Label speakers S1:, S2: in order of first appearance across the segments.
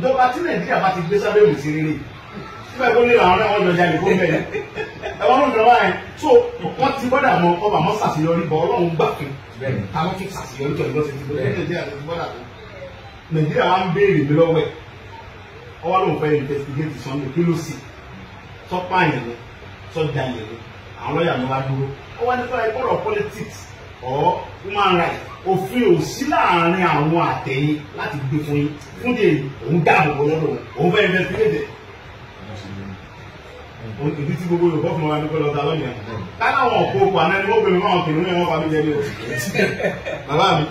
S1: ìjọba tí nàìjíríà bá ti gbé sábẹ́ òmìnir sí rere nígbà tó lé àwọn náà wọ́n jọ jalè fún ẹ̀wọ̀n ló ń lọ wáyé tó wọ́n ti bọ́dà mọ ọba mọ́ sàṣeyọrí bọ́ ọlọ́run gbà pé táwọn ti sàṣeyọrí tó ìgbọ́sẹ̀ ti bọ́dà nàìjíríà wa béèrè mi lọ́wọ́ ẹ̀ ọwọ́ ló ń fẹ́ investigate sunday kí ló sì sọ́pààyàn ni sọ́jà yẹn ni àwọn lọ́ọ̀yà ni wá dúró ọwọ́ nípa ẹgbọ́dọ̀ human rights òfin ò sí láàrin àwọn àtẹ̀yìn láti gbé fún yín fún de òun dáàbò bò lọ́dọ̀ òun fẹ́ẹ́ fẹ́ẹ́ fẹ́ẹ́ dẹ̀. ìdí tí gbogbo Yorùbá fún wa ní kọ́ lọ́ta lọ́nìí àná. káláwọn òkú òkú àná ni wọ́n bẹ̀rẹ̀ wọn kìnnìún yẹn wọ́n fami jẹ́ ní o. bàbá mi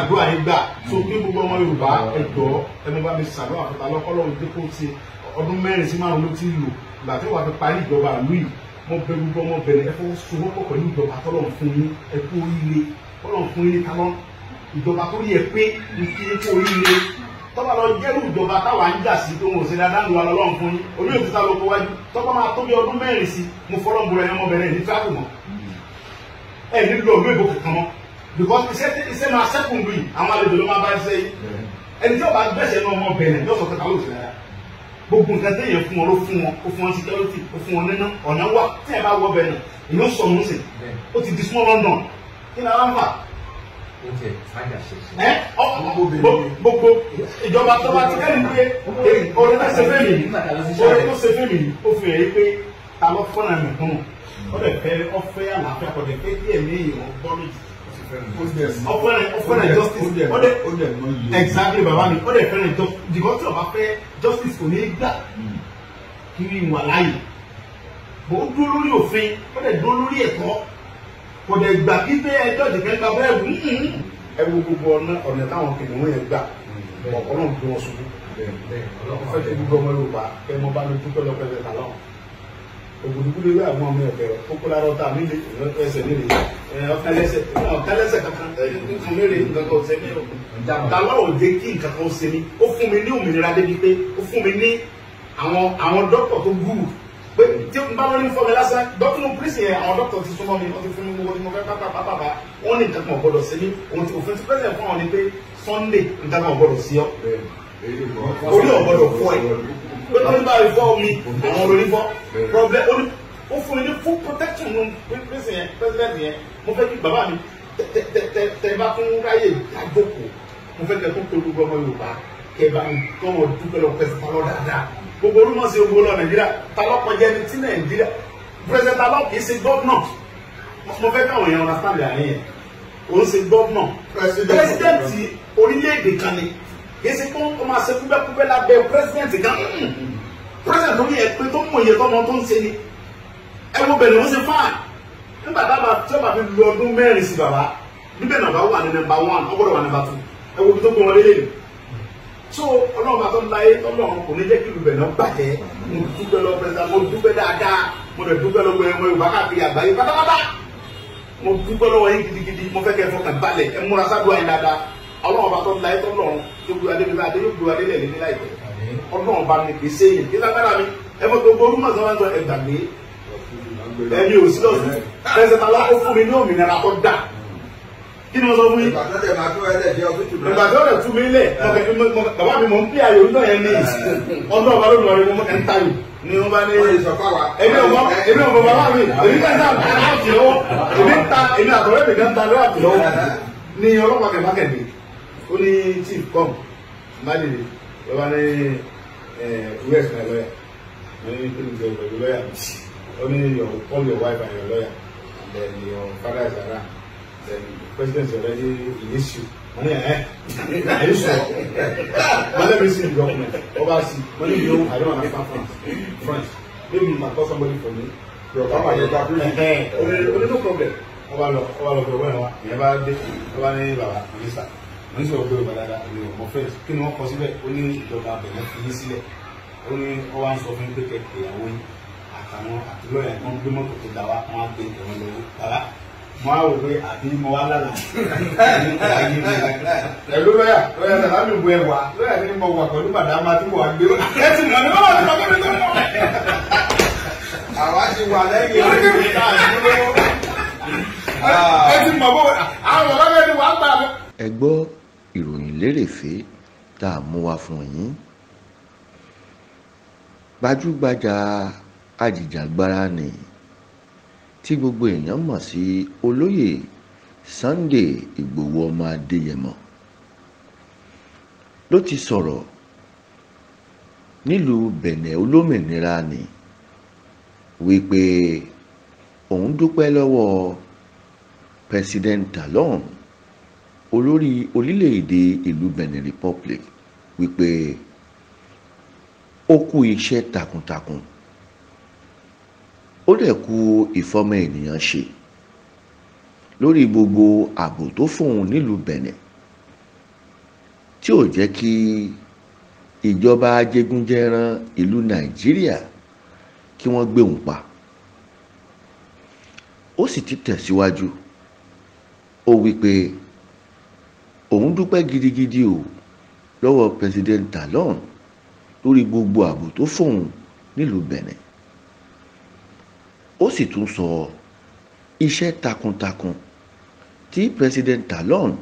S1: àdúrà yín gbà hmm. so kí gbogbo ọmọ Yorùbá ẹ jọ ẹ mọ bá mi sàdúrà fún ta lọ́kọ́ lọ́wọ́ dé kó ti ọdún mẹ́rin sí márùn ló ti lò gbà tó wà fi parí ìjọba lùyìí mo bẹ gbogbo ọmọ bẹ̀rẹ̀ ẹ fọwọ́sowọ́pọ̀ pẹ̀lú ìjọba tọ́lọ̀ fún ọlọ́run fún yín ní kaná ìjọba tó yẹ pé ìfi kó oríire tọ́ba lọ jẹ́rú ìjọba táwa ń jà sí tó ń ṣe dáadáa wa lọ́lọ́run fún yín orí òtún ta ló kó wájú tọ́ba máa tóbi ọdún mẹ́rin sí mo fọlọ́n bọ̀rọ̀ ẹ̀yán ọmọbìnrin ní tíráàbù mọ́ ẹ̀ nílò ìlú èbó kankan mọ́ because iṣẹ́ iṣẹ́ máa sẹ́kùn lùyìn àwọn àlejò ló máa bá iṣẹ́ yìí ẹni tí ọba gbẹ̀sẹ̀ náà ọmọbìnrin yóò sọ kẹta ló fi gbogbo ìjọba tó bá ti kẹ́lì pé orin tó ṣe fẹ́mi orin tó ṣe fẹ́mi ó fi hàn yí pé ta ló fọ́nà mi kún hmm. ó lè fẹ́ ọ̀fẹ́ àlàáfíà kọ̀ lè pé díẹ̀ ní ìwọ̀n bọ́ọ̀lù ọ̀fẹ́rẹ̀ ọ̀fẹ́rẹ̀ justice ó dẹ̀ exactly bàbá mi ó dẹ̀ fẹ́rẹ̀ because tí ọba fẹ́ justice kò ní gbà hmm. kiri wà láàyè bó dúró lórí òfin ó dẹ̀ dúró lórí ẹ̀kọ́ kò dẹ̀ gbà kí pé ẹjọ́ ìdìkẹ́ gba bẹ́ẹ̀ wù ú mm-hmm. ẹ wo gbogbo ọ̀nà ọ̀nà táwọn kìnìún yẹn gbà ọ̀pọ̀lọ́run tó wọn ṣubú fẹ́ kí gbogbo ọmọ Yorùbá kẹ mọ bá mi dúpẹ́ lọ́pẹ́ lẹ́ta lọ́hùn ògùdùkúlé wí àwọn ọmọ ẹ̀kẹ́ kókólárọ̀ ta mi lè ẹsẹ̀ mi lè ọ̀kálẹ́sẹ̀ ọ̀kálẹ́sẹ̀ kankan nǹkan mẹ́rin nǹkan kan ọ̀sẹ̀ mi dàgbà ò jẹ́ kí nǹkan kan ó ṣe mí ó fún mi ní òmìnira débi pé ó fún pé tí n bá wọn ní fọmi lásán dọ́kítà pírísì yẹn àwọn dọ́kítà ti súnmọ́ mi wọ́n ti fún mi wọ́n ti mọ fẹ́ pátápátá wọ́n ní nǹkan kan gbọ́dọ̀ sí mi òun ti òfin ti pẹ́sẹ̀ fún àwọn ni pé Sunday nǹkan kan gbọ́dọ̀ sí ọ orí ọ̀gbọ́dọ̀ fọ ẹ̀ pé wọ́n ní bá rí fọ́ mi àwọn olórí fọ́ problem ó fún mi ní full protection nù pírísì yẹn president yẹn mo fẹ́ kí bàbá mi tẹ bá tún ráyè dájókòó mo fẹ́ kẹ́ tó tó gbogbo ọmọ Yorùbá kẹ́ bá mi kọ́ wọ́n dúpẹ́ lọ pẹ́sìtálọ́ dáadáa gbogbo olúmọ̀ sí ogun lọ nàìjíríà ta lọ́kọjẹ́ ní ti nàìjíríà president alọ́ kì í ṣe gọ́vnà mo fẹ́ káwọn èèyàn understand àárín yẹn òun ṣe gọ́vnà president orílẹ̀-èdè kan ni kì í ṣe kó o máa ṣe kúbẹ́kúbẹ́ lábẹ́ president kan president orí ẹ̀ pé tó mọ̀ iye tọ́mọ tó ń ṣe ni ẹ wo bẹ̀rẹ̀ wọ́n ṣe fáàn nígbà tábà tí ó bá mẹ́rin sí bàbá níbẹ̀ nàbà wà ní nàbà one ọgbọ́dọ̀ wà nàbà two ẹ wo bí tó gbọ́n wọlé lè so ọlọ́run bá tó ń láyé ọlọ́run kò ní jẹ́ kí lùbẹ̀ náà bàjẹ́ mo dúpẹ́ lọ pẹ́sẹ́ mo dúpẹ́ dáadáa mo rẹ̀ dúpẹ́ lọ pẹ́ mo ìwà káàkiri àgbáyé pátápátá mo dúpẹ́ lọ́wọ́ yín gidigidi mo fẹ́ kẹ́ ẹ fọkàn balẹ̀ ẹ múra sádùn àyìn dáadáa ọlọ́run bá tó ń láyé tọ́lọ́run tó gbé adé nípa adé yóò gbé adé lẹ̀ nílẹ̀ láìpẹ́ ọlọ́run bá mi kì í ṣe yìí kí lágbára mi ẹ fọ́ gbogbo orúmọ̀ sọ́wọ́n sọ ẹ gbàgbé ẹni ò sí lọ́sùn pẹ́sẹ́ ta lọ́kọ́ fún mi ní òmìnira tó dáa kí ni mo sọ fún yín. ìgbàdàn rẹ̀ tú mi lẹ̀ bàbá mi mò ń pè ayò náà yẹn ní ọdún ọba ló lọ rí mo ń tayò ni wọ́n bá ní. èmi ò mọ èmi ò mọ bàbá mi èmi náà sá láti lọ́wọ́ èmi ń ta èmi àtọ̀rẹ́ mi náà ń ta láti lọ́wọ́ ni ọlọ́pàá kẹ̀ mákẹ̀ ó ní chief com májèlé bàbá ní west my lawyer ní kí ni lọ́yà ó ní your call your wife and your lawyer and then your father is around the president already in issue money eh na issue but let me see the document oversee money you know i don't understand france france maybe you can call somebody for me your papa your papa eh eh no problem ọba lọ ọba lọ bẹ̀rẹ̀ wẹrẹ wa ìyẹn bá dé ọba ní baba mínísà mínísà ògbé ọba dada ìlú ọmọ fẹs kí ni wọn kọ síbẹ̀ ó ní ìjọba abẹlẹ fi yín sílẹ̀ ó ní ọba ń sọ fún pé kẹkẹ ìyàwó yín àtàwọn àtúlọyà kan gbé mọ́tò tó dá wa wọn á gbé ìwọn lọ́wọ́ bàbá mo á wò pé àbí mo wá lára pẹ̀lú lọ́yà lọ́yà tàbá mi bu ẹwà lọ́yà mi mo wà pẹ̀lú bàdámà tí mo wà gbé ẹ ti mọ̀ ní bàbá mi kọ́ mi lọ́wọ́. àwa ti wà lẹ́yìn ìlú ìta ìdúró. ẹ ti mọ̀ bó àwọn ọ̀rọ̀ mi ti wà gbà.
S2: ẹ gbọ́ ìròyìn lérèfé tá a mú wa fún yín gbajúgbajà ajìjàgbara nìyí tí gbogbo èèyàn mọ̀ sí olóyè Sunday Ìgbòho ọmọ Adéyẹmọ ló ti sọ̀rọ̀ nílùú Bẹ̀nẹ̀ olómìnira ni wípé òun dúpẹ́ lọ́wọ́ President Talon olórí orílẹ̀-èdè ìlú Benin Republic wípé ó kú iṣẹ́ takuntakun ó dẹ̀ kù ìfọmọ ènìyàn ṣe lórí gbogbo ààbò tó fòun nílùú Bẹ̀nẹ̀ tí ò jẹ́ kí ìjọba ajégúnjẹran ìlú Nàìjíríà kí wọ́n gbé òun pa ó sì ti tẹ̀síwájú ó wí pé òun dúpẹ́ gidigidi o lọ́wọ́ President Talon lórí gbogbo ààbò tó fòun nílùú Benin ó sì tún sọ iṣẹ́ takuntakun tí president Talon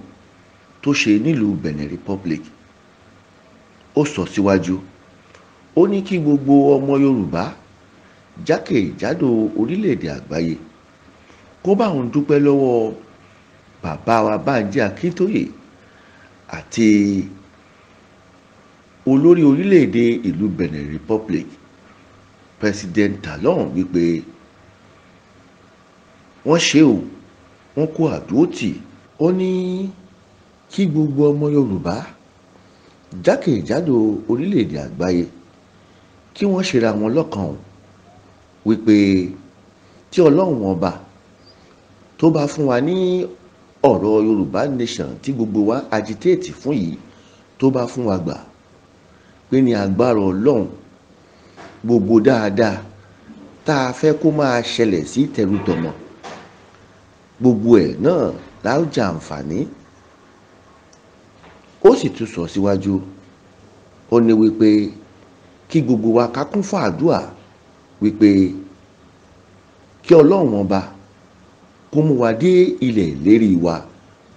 S2: tó ṣe nílùú Benin Republic ó sọ síwájú ó ní kí gbogbo ọmọ Yorùbá jákèjádò orílẹ̀-èdè àgbáyé kó bá òun dúpẹ́ lọ́wọ́ bàbá wa Bánjí Akíntóyè àti olórí orílẹ̀-èdè ìlú Benin Republic President Talon wípé wọ́n ṣe o wọ́n kó àdúró tì ó ní kí gbogbo ọmọ yorùbá jákèjádò orílẹ̀-èdè àgbáyé kí wọ́n ṣera wọn lọ́kàn o wípé tí ọlọ́run ọba tó bá fún wa ní ọ̀rọ̀ yorùbá nation tí gbogbo wa agitate fún yìí tó bá fún wa gbà pé ní agbára ọlọ́run gbogbo dáadáa tá a fẹ́ kó máa ṣẹlẹ̀ sí tẹrutọ̀mọ́ gbogbo ẹ̀ náà láwùjọ àǹfààní ó sì tún sọ síwájú ó ní wípé kí gbogbo wa ká kún fún àdúrà wípé kí ọlọ́run ọba kó mú wa dé ilẹ̀ ìlérí wa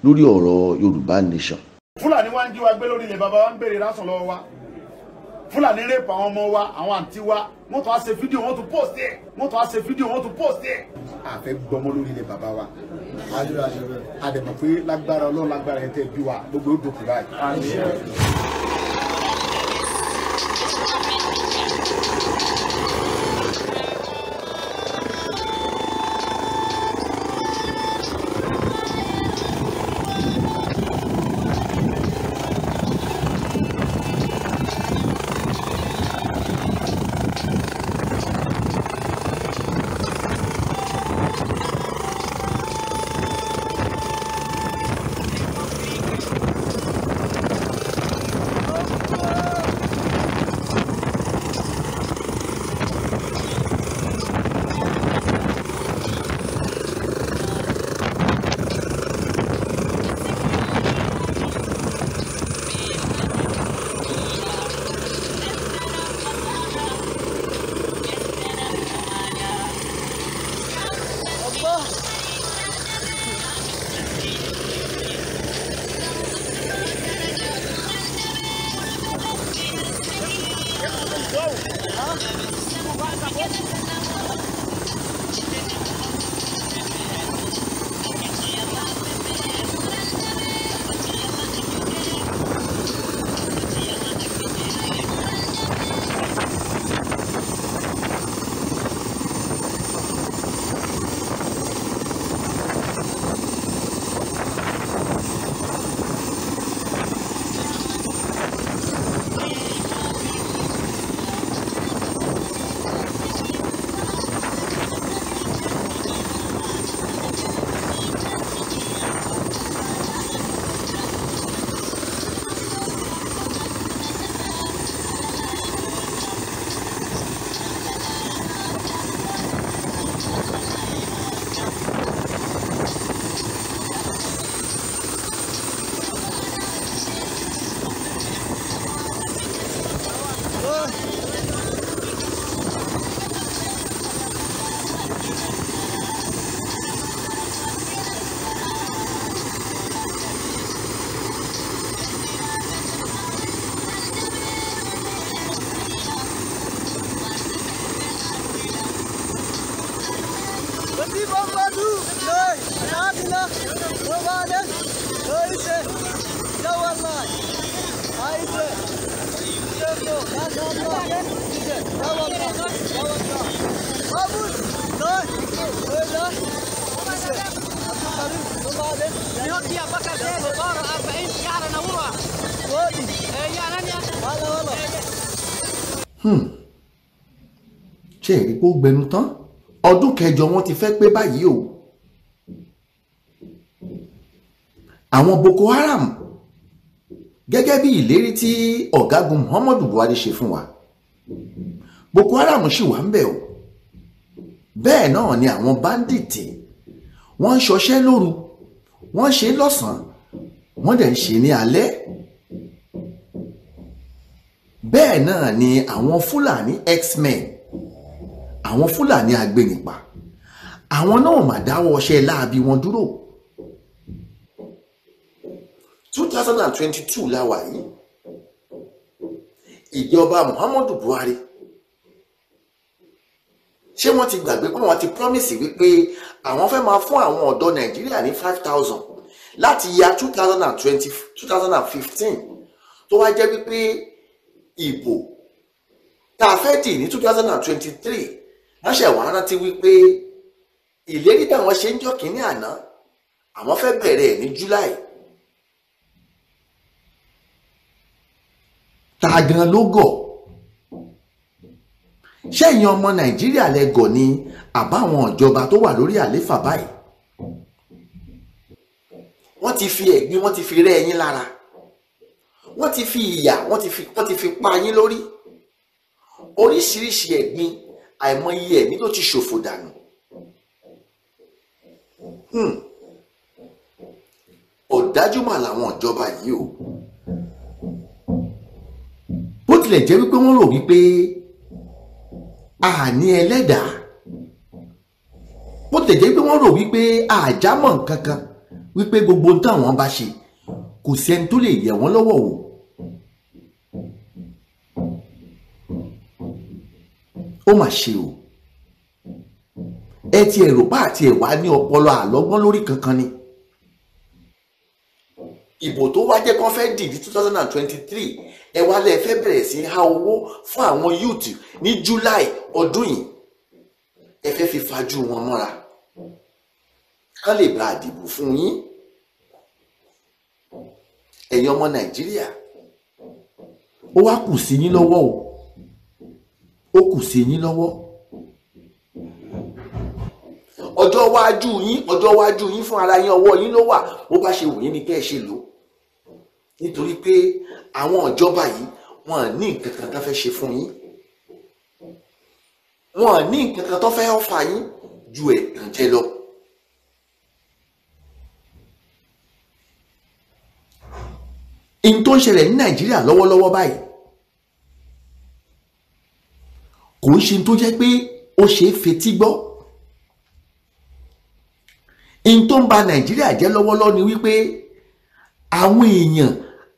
S2: lórí ọ̀rọ̀ Yorùbá nation.
S1: Fúlàní wa ń jí wa gbé lórí ilẹ̀ bàbá wa ń béèrè lásán lọ́wọ́ wa fúlàní rape àwọn ọmọ wa àwọn àǹtí wa wọ́n tún á ṣe fídíò wọ́n tún post ẹ̀ wọ́n tún á ṣe fídíò wọ́n tún post ẹ̀. a fẹ́ gbọmọ lórí ilẹ̀ bàbá wa àdèmọ̀ pé lágbára ọlọ́run lágbára ẹ̀ tẹ́ bí wa gbogbo ó dòkú báyìí. نوكيا بكر بطارة 40 شعر نورة ودي ايه انانيا
S2: هلا والله ṣe ìrìpó gbẹnu tán ọdún kẹjọ wọn ti fẹ́ pé báyìí o àwọn Boko Haram gẹ́gẹ́ bí ìlérí tí ọ̀gágun Muhammadu Buhari ṣe fún wa Boko Haram ṣì wà ń bẹ̀ o bẹ́ẹ̀ náà ni àwọn báńdíìtì wọ́n ń ṣọṣẹ́ lóru wọ́n ṣe lọ́sàn-án wọ́n dẹ̀ ń ṣe ní alẹ́ bẹ́ẹ̀ náà ni àwọn Fúlàní x-men àwọn Fúlàní agbẹnipa àwọn náà mà dáwọ́ ọṣẹ́ láabi wọn dúró. 2022 la wà yìí ìjọba Muhammadu Buhari ṣé wọ́n ti gbàgbé pé wọ́n ti promise wípé àwọn fẹ́ máa fún àwọn ọ̀dọ́ Nàìjíríà ní five thousand láti ya two thousand and twenty two thousand and fifteen tó wá jẹ́ wípé ìbò tá a fẹ́ dì ní two thousand and twenty-three wọ́n ṣẹ̀ wá rántí wípé ìlérí táwọn ṣe ń jọ́ kínní àná àwọn fẹ́ bẹ̀rẹ̀ ní July ta gan ló gọ̀ ṣẹ́yìn ọmọ nàìjíríà lẹ́gọ̀ ni àbáwọn ìjọba tó wà lórí àléfà báyìí wọ́n ti fi ẹ̀gbin wọ́n ti fi rẹ́ ẹyin lára wọ́n ti fi ìyà wọ́n ti fi wọ́n ti fi pa yín lórí oríṣiríṣi ẹ̀gbin àìmọye ẹ̀mí tó ti ṣòfò dànù hmm. ọ̀dájú mà làwọn ìjọba yìí o tilẹ̀ jẹ́ wípé wọ́n rò wípé a ní ẹlẹ́dàá bó tilẹ̀ jẹ́ wípé wọ́n rò wípé àjámọ̀ kankan wípé gbogbo ohun táwọn bá ṣe kò sí ẹni tó lè yẹ̀ wọ́n lọ́wọ́ o ó mà ṣe o ẹ ti ẹ̀rọ bá àti ẹ̀wá ní ọpọlọ àlọ́gbọ́n lórí kankan ni ìbò tó wá jẹ́ kán fẹ́ dì ní two thousand and twenty fẹ́ bẹ̀rẹ̀ sí há owó fún àwọn youth ní july ọdún yìí ẹ fẹ́ fi fajú wọn mọ́ra kán lè bá àdìbò fún yín ẹ̀yin ọmọ nàìjíríà ó wá kù sí yín lọ́wọ́ o ó kù sí yín lọ́wọ́ ọjọ́ wájú yín ọjọ́ wájú yín fún ara yín ọwọ́ yín ló wà bó bá ṣe wù yín ni kẹ́ ẹ ṣe lò ó nítorí pé àwọn ìjọba yìí wọn ní nǹkan kan tó fẹ́ ṣe fún yín wọn ní nǹkan kan tó fẹ́ ọ̀fà yín ju ẹ̀tàn jẹ lọ. in tó ń ṣẹlẹ̀ ní nàìjíríà lọ́wọ́lọ́wọ́ báyìí kò ń ṣe tó jẹ́ pé ó ṣe é fetí gbọ́ in tó ń ba nàìjíríà jẹ́ lọ́wọ́lọ́wọ́ ni wípé àwọn èèyàn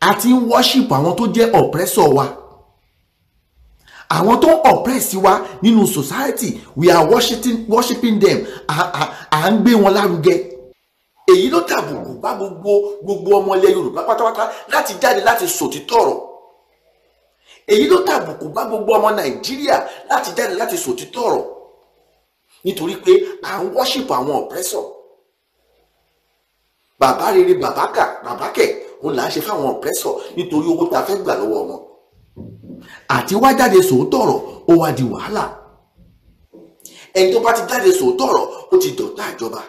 S2: a ti worship àwọn tó jẹ́ oppressor wa àwọn tó ń oppress wa nínú society we are worshiping, worshiping them à ń gbé wọn lárugẹ èyí ló tàbùkù bá gbogbo gbogbo ọmọ ilẹ̀ Yorùbá pátápátá láti jáde láti sòtítọ́ ọ̀rọ̀ èyí ló tàbùkù bá gbogbo ọmọ Nàìjíríà láti jáde láti sòtítọ́ ọ̀rọ̀ nítorí pé à ń worship àwọn oppressor bàbá rere bàbá kà bàbá kẹ̀ òun là ń ṣe fáwọn ọ̀pẹ́sọ̀ nítorí owó tá a fẹ́ gbà lọ́wọ́ wọn àti wá jáde sòótọ́ ọ̀rọ̀ ó wá di wàhálà ẹni tó bá ti jáde sòótọ́ ọ̀rọ̀ ó ti dọ̀tá ìjọba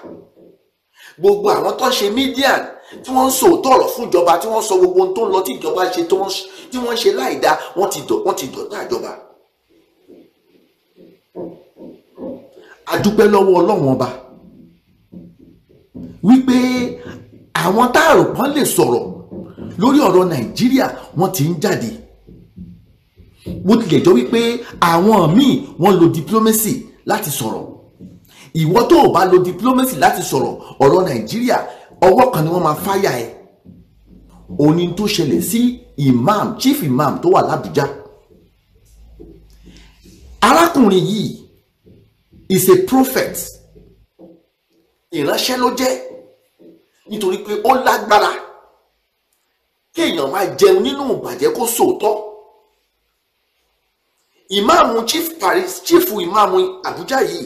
S2: gbogbo àwọn tó ń ṣe mídíà tí wọ́n ń sòótọ́ ọ̀rọ̀ fún ìjọba tí wọ́n sọ gbogbo ohun tó ń lọ tí ìjọba ṣe tí wọ́n ń ṣe láìda wọ́n ti dọ̀tá ìjọba. adúpẹ́ lọ́wọ́ ọlọ́run ọba wípé àwọn táàrò lè sọ̀rọ̀ lórí ọ̀rọ̀ nàìjíríà wọ́n ti ń jáde bó tilẹ̀ jọ wípé àwọn míì wọ́n lo diplomacy láti sọ̀rọ̀ ìwọ tó o bá lo diplomacy láti sọ̀rọ̀ ọ̀rọ̀ nàìjíríà ọwọ́ kan ni wọ́n máa fáyà ẹ̀ òní tó ṣẹlẹ̀ sí imam chief imam tó wà làbújá arákùnrin yìí is a prophet ìránṣẹ́ ló jẹ́ nítorí pé ó lágbára kí èèyàn máa jẹun nínú ìbàjẹ́ kó sòótọ́ ìmáàmù chief Paris chief ìmáàmù Àbújá yìí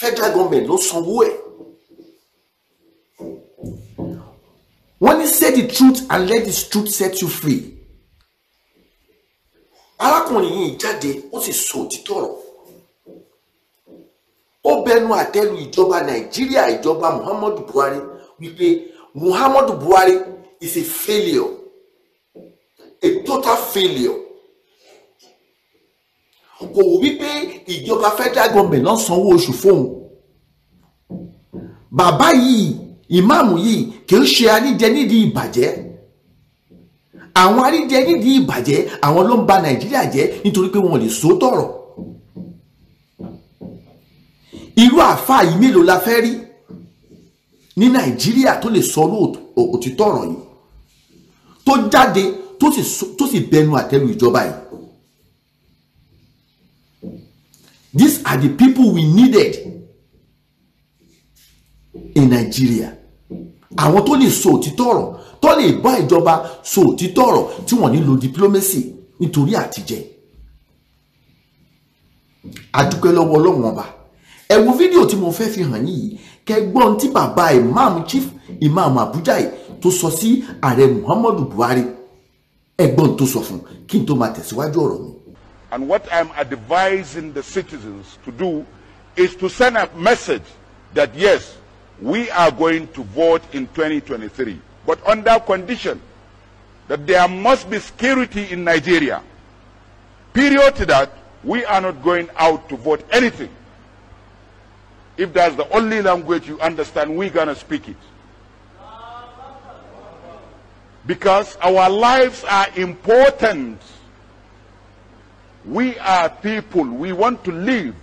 S2: federal government ló sanwó ẹ̀ wọ́n ní say the truth and let the truth set you free arákùnrin yìí jáde ó sì sọ òtítọ́ ọ̀rọ̀ ó bẹnu àtẹ́lu ìjọba Nàìjíríà ìjọba Muhammadu Buhari wípé Muhammadu Buhari is a failure, a total failure. Kò wípé ìjọba federal government náà sanwó oṣù fóun. Bàbá yìí, ìmáàmù yìí, kì í ṣe aníjẹ nídìí ìbàjẹ́. Àwọn aníjẹ nídìí ìbàjẹ́, àwọn ló ń ba Nàìjíríà jẹ́ nítorí pé wọn ò lè sòótọ́ ọ̀rọ̀. Irú àáfàá yìí mélòó la fẹ́ rí? ní nàìjíríà tó lè sọ òtítọ́ ọ̀rọ̀ yìí tó jáde tó sì bẹnu àtẹ́lu ìjọba yìí these are the people we needed in Nigeria àwọn tó lè so òtítọ́ ọ̀rọ̀ tó lè bá ìjọba sọ òtítọ́ ọ̀rọ̀ tí wọ́n nílò diplomacy nítorí àtijẹ́ adúpẹ́ lọ́wọ́ ọlọ́run ọba ẹ wo fídíò tí mo fẹ́ fi hàn yín yìí kẹ́ tí bàbá imam chief imam Abuja yìí tó sọ sí Buhari ẹ̀gbọ́n tó sọ fún tó tẹ̀síwájú
S1: ọ̀rọ̀ mi. And what I'm advising the citizens to do is to send a message that yes, we are going to vote in 2023, but under condition that there must be security in Nigeria. Period to that, we are not going out to vote anything. If that's the only language you understand, we're going to speak it. Because our lives are important. We are people. We want to live.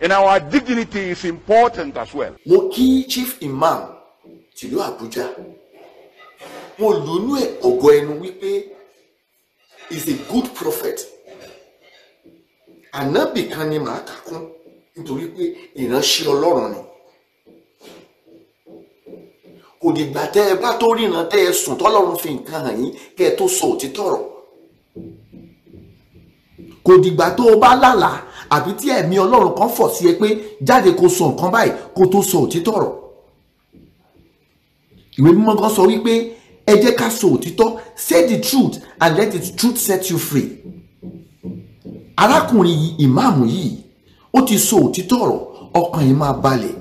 S1: And our dignity is
S2: important as well. Mo kí Chief Imam tìlú abuja. Mo lù ú ní ọ̀gọ́ ẹnu wípé is a good prophet. Ànábì kan ni màá kà kún nítorí pé ìránṣẹ́ Ọlọ́run ni kò dìgbà ẹ bá tó ríran tẹ́ ẹ sùn tọ́lọ́run fi nǹkan hàn yín kẹ́ ẹ tó sọ òtítọ́ ọ̀rọ̀ kò dìgbà tó o bá lálàá àbí tí ẹ̀mí ọlọ́run kan fọ̀ sí ẹ pé jáde kó sọ nǹkan báyìí kó tó sọ òtítọ́ ọ̀rọ̀ ìwé mímọ́ gan sọ wípé ẹ jẹ́ ká sọ òtítọ́ say the truth and let the truth set you free arákùnrin yìí ìmáàmù yìí ó ti sọ òtítọ́ ọ̀rọ̀ ọkàn yìí máa balẹ̀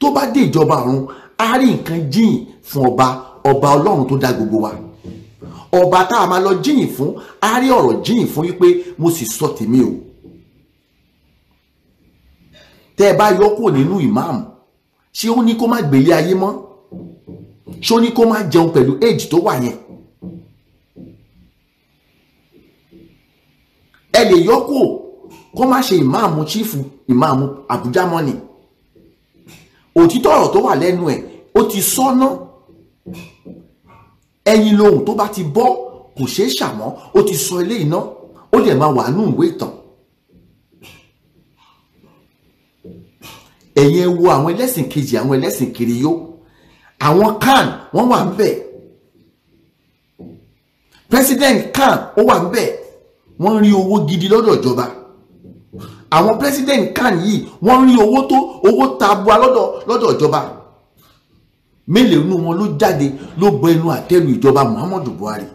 S2: tó bá dé ìjọba ọ̀run á rí nǹkan jíyìn fún ọba ọba ọlọ́run tó dá gbogbo wa ọba tá a máa lọ jíyìn fún á rí ọ̀rọ̀ jíyìn fún wípé mo sì sọ tèmi o tẹ́ ẹ bá yọ kúrò nínú ìmáàmù ṣé ó ní kó má gbélé ayé mọ́ ṣé ó ní kó má jẹun pẹ̀lú éèjì tó wà yẹn ẹ lè yọ kó má ṣe ìmáàmù chiefu ìmáàmù Àbújá mọ́ni òtítọ́ ọ̀rọ̀ tó wà lẹ́nu ẹ̀ ó ti sọ́nà ẹyin lohun tó bá ti bọ́ kò ṣeé ṣàmọ́ ó ti sọ ilé iná ó dẹ̀ máa wà nínú ìwé ìtàn ẹ̀yin ẹ wo àwọn ẹlẹ́sìn kejì àwọn ẹlẹ́sìn kiri yó àwọn kan wọ́n wà ń president kan ó wà ń bẹ̀ wọ́n rí owó gidi lọ́dọ̀ ìjọba àwọn president kan yìí wọ́n rí owó tó owó tabua lọ́dọ̀ lọ́dọ̀ ìjọba mélòó nínú wọn ló jáde ló bọ ẹnu àtẹ́lu ìjọba Muhammadu Buhari